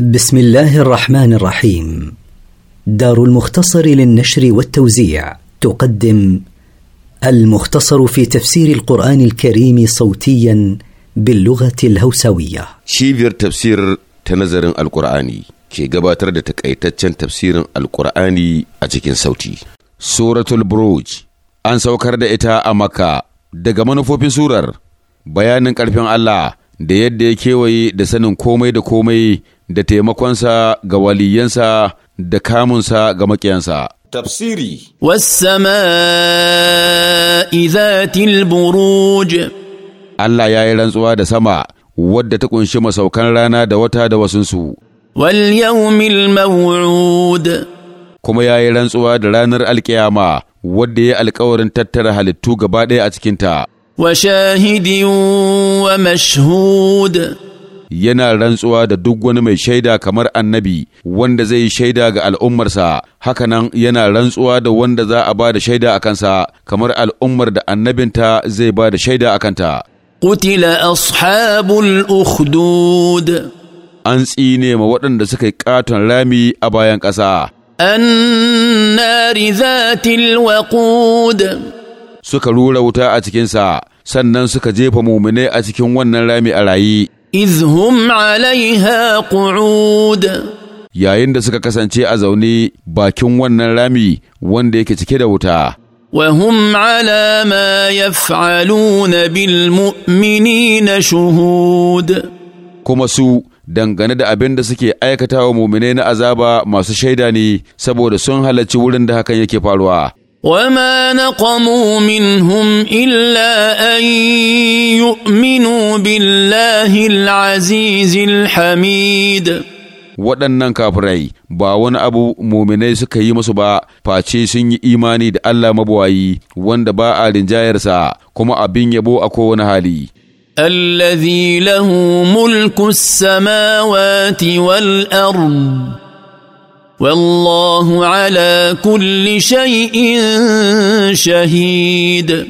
بسم الله الرحمن الرحيم دار المختصر للنشر والتوزيع تقدم المختصر في تفسير القرآن الكريم صوتيا باللغة الهوسوية شيفير تفسير تنظر القرآني كي قباتر تكأيتتشن تفسير القرآني أجيكين صوتي سورة البروج أنسو كرد دا إتا أمكا دقمان فوبين سورر بيان كالفين الله da yadda ya kewaye da sanin komai da komai da taimakonsa ga waliyansa da kamunsa ga maƙiyansa. Tafsiri Wassama'i zatil buruj Allah ya yi rantsuwa da sama wadda ta ƙunshi masaukan rana da wata da wasunsu. Wal mil kuma ya yi rantsuwa da ranar alkiyama wadda ya yi alkawarin tattara halittu gaba ɗaya a cikinta. وشاهد ومشهود ينا رنسوا دا دوغوان مي شايدا كمر النبي واند زي شايدا غا الأمر سا حكنا ينا رنسوا دا واند زا أباد شايدا أكان سا كمر الأمر دا النبي تا زي باد شايدا أكان تا قتل أصحاب الأخدود أنسي نيما واند سكي كاتون رامي أبايان كسا النار ذات الوقود suka rura wuta a cikinsa sannan suka jefa muminai a cikin wannan rami a rayi izhum alaiha qu'ud yayin da suka kasance a zaune bakin wannan rami wanda yake cike da wuta وهم على ما يفعلون بالمؤمنين shuhud. kuma su dangane da abin da suke aikata wa muminai na azaba masu shaida ne saboda sun halarci wurin da hakan yake faruwa وما نقموا منهم الا ان يؤمنوا بالله العزيز الحميد waɗannan kafirai ba wani abu muminai suka yi musu ba face sun yi imani da Allah mabuwayi wanda ba a rinjayarsa kuma abin yabo a kowane hali الذي له ملك السماوات والأرض والله على كل شيء شهيد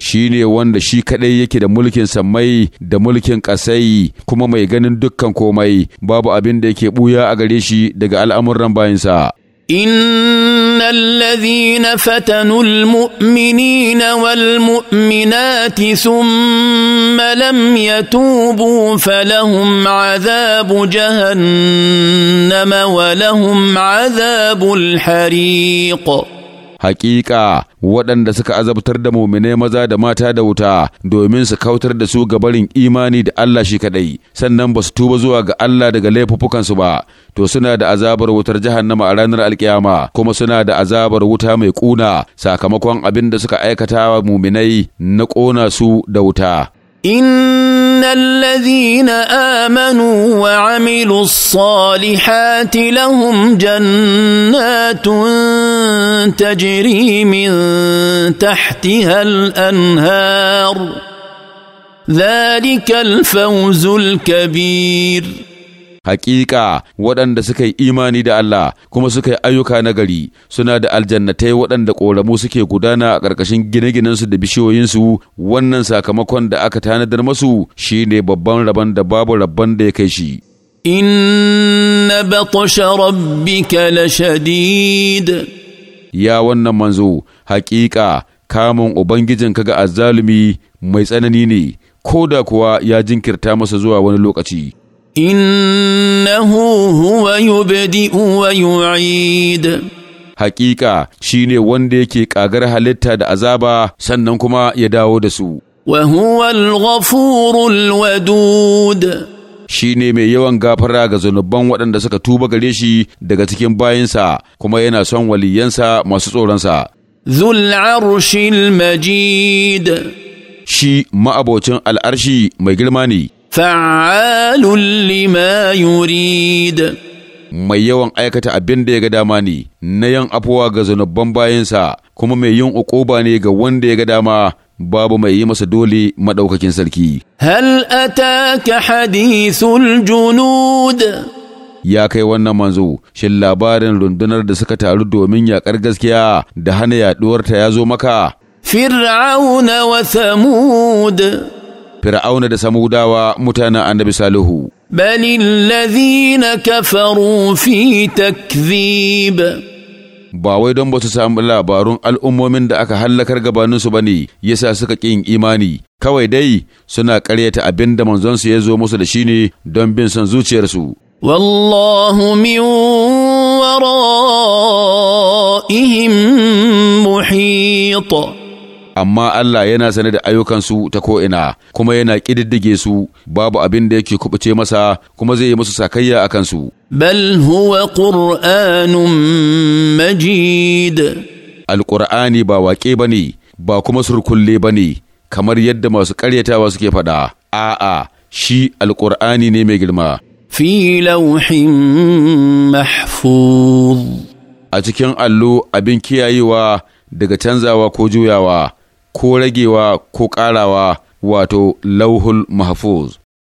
shi ne wanda shi kaɗai yake da mulkin sammai da mulkin ƙasai kuma mai ganin dukkan komai babu abin da yake ɓuya a gare shi daga al'amuran bayansa. ان الذين فتنوا المؤمنين والمؤمنات ثم لم يتوبوا فلهم عذاب جهنم ولهم عذاب الحريق Hakika waɗanda suka azabtar da muminai maza da mata da wuta domin su kautar da su ga barin imani da Allah shi kaɗai, sannan ba su tuba zuwa ga Allah daga laifuffukansu ba, to suna da azabar wutar jahannama a ranar alkiyama kuma suna da azabar wuta mai ƙuna sakamakon abin da suka aikata wa muminai na kona su da wuta. ان الذين امنوا وعملوا الصالحات لهم جنات تجري من تحتها الانهار ذلك الفوز الكبير Hakika waɗanda suka yi imani da Allah kuma suka yi ayyuka na gari suna da aljannatai waɗanda ƙoramu suke gudana a ƙarƙashin gine-ginensu da bishiyoyinsu wannan sakamakon da aka tanadar masu shi ne babban rabon da babu rabon da ya kai shi. Inna batasha rabbika lashadid. Ya wannan manzo, hakika kamun Ubangijinka ga azzalumi mai tsanani ne, ko da kuwa ya jinkirta masa zuwa wani lokaci. إنه هو يبدئ ويعيد Haƙiƙa shi ne wanda yake ƙagar halitta da azaba sannan kuma ya dawo da su. Wa huwal ghafurul wadud shi ne mai yawan gafara ga zunuban waɗanda suka tuba gare shi daga cikin bayinsa kuma yana son waliyansa masu tsoronsa. Zul arshil majid shi ma'abocin al'arshi mai girma ne. فعال لما يريد mai yawan aikata abin da ya ga dama ne na yan afuwa ga zanubban bayansa kuma mai yin uquba ne ga wanda ya ga dama babu mai yi masa dole maɗaukakin sarki hal ataka hadithul junud ya kai wannan manzo shin labarin rundunar da suka taru domin yaƙar gaskiya da hana ta ya zo maka fir'auna wa thamud fir'auna da samudawa mutanen annabi salihu بل الذين كفروا في ba wai don ba su samu labarun al'ummomin da aka hallakar gabaninsu ba ne yasa suka ƙin imani kawai dai suna ƙaryata abin da manzonsu ya zo musu da shi ne don bin son zuciyarsu. Wallahu min wara'ihim muhita amma Allah yana sane da ayyukansu ta ko'ina kuma yana ƙididdige su babu abin da yake kubuce masa kuma zai yi musu sakayya a kansu. Bal huwa ƙur'anun majid. Alƙur'ani ba waƙe ba ne, ba kuma surkulle ba ne, kamar yadda masu ƙaryatawa suke faɗa, a'a, shi alƙur'ani ne mai girma. Fi lauhin mahfuz. A cikin allo abin kiyayewa daga canzawa ko juyawa. ko ragewa ko ƙarawa wato lauhul mahfuz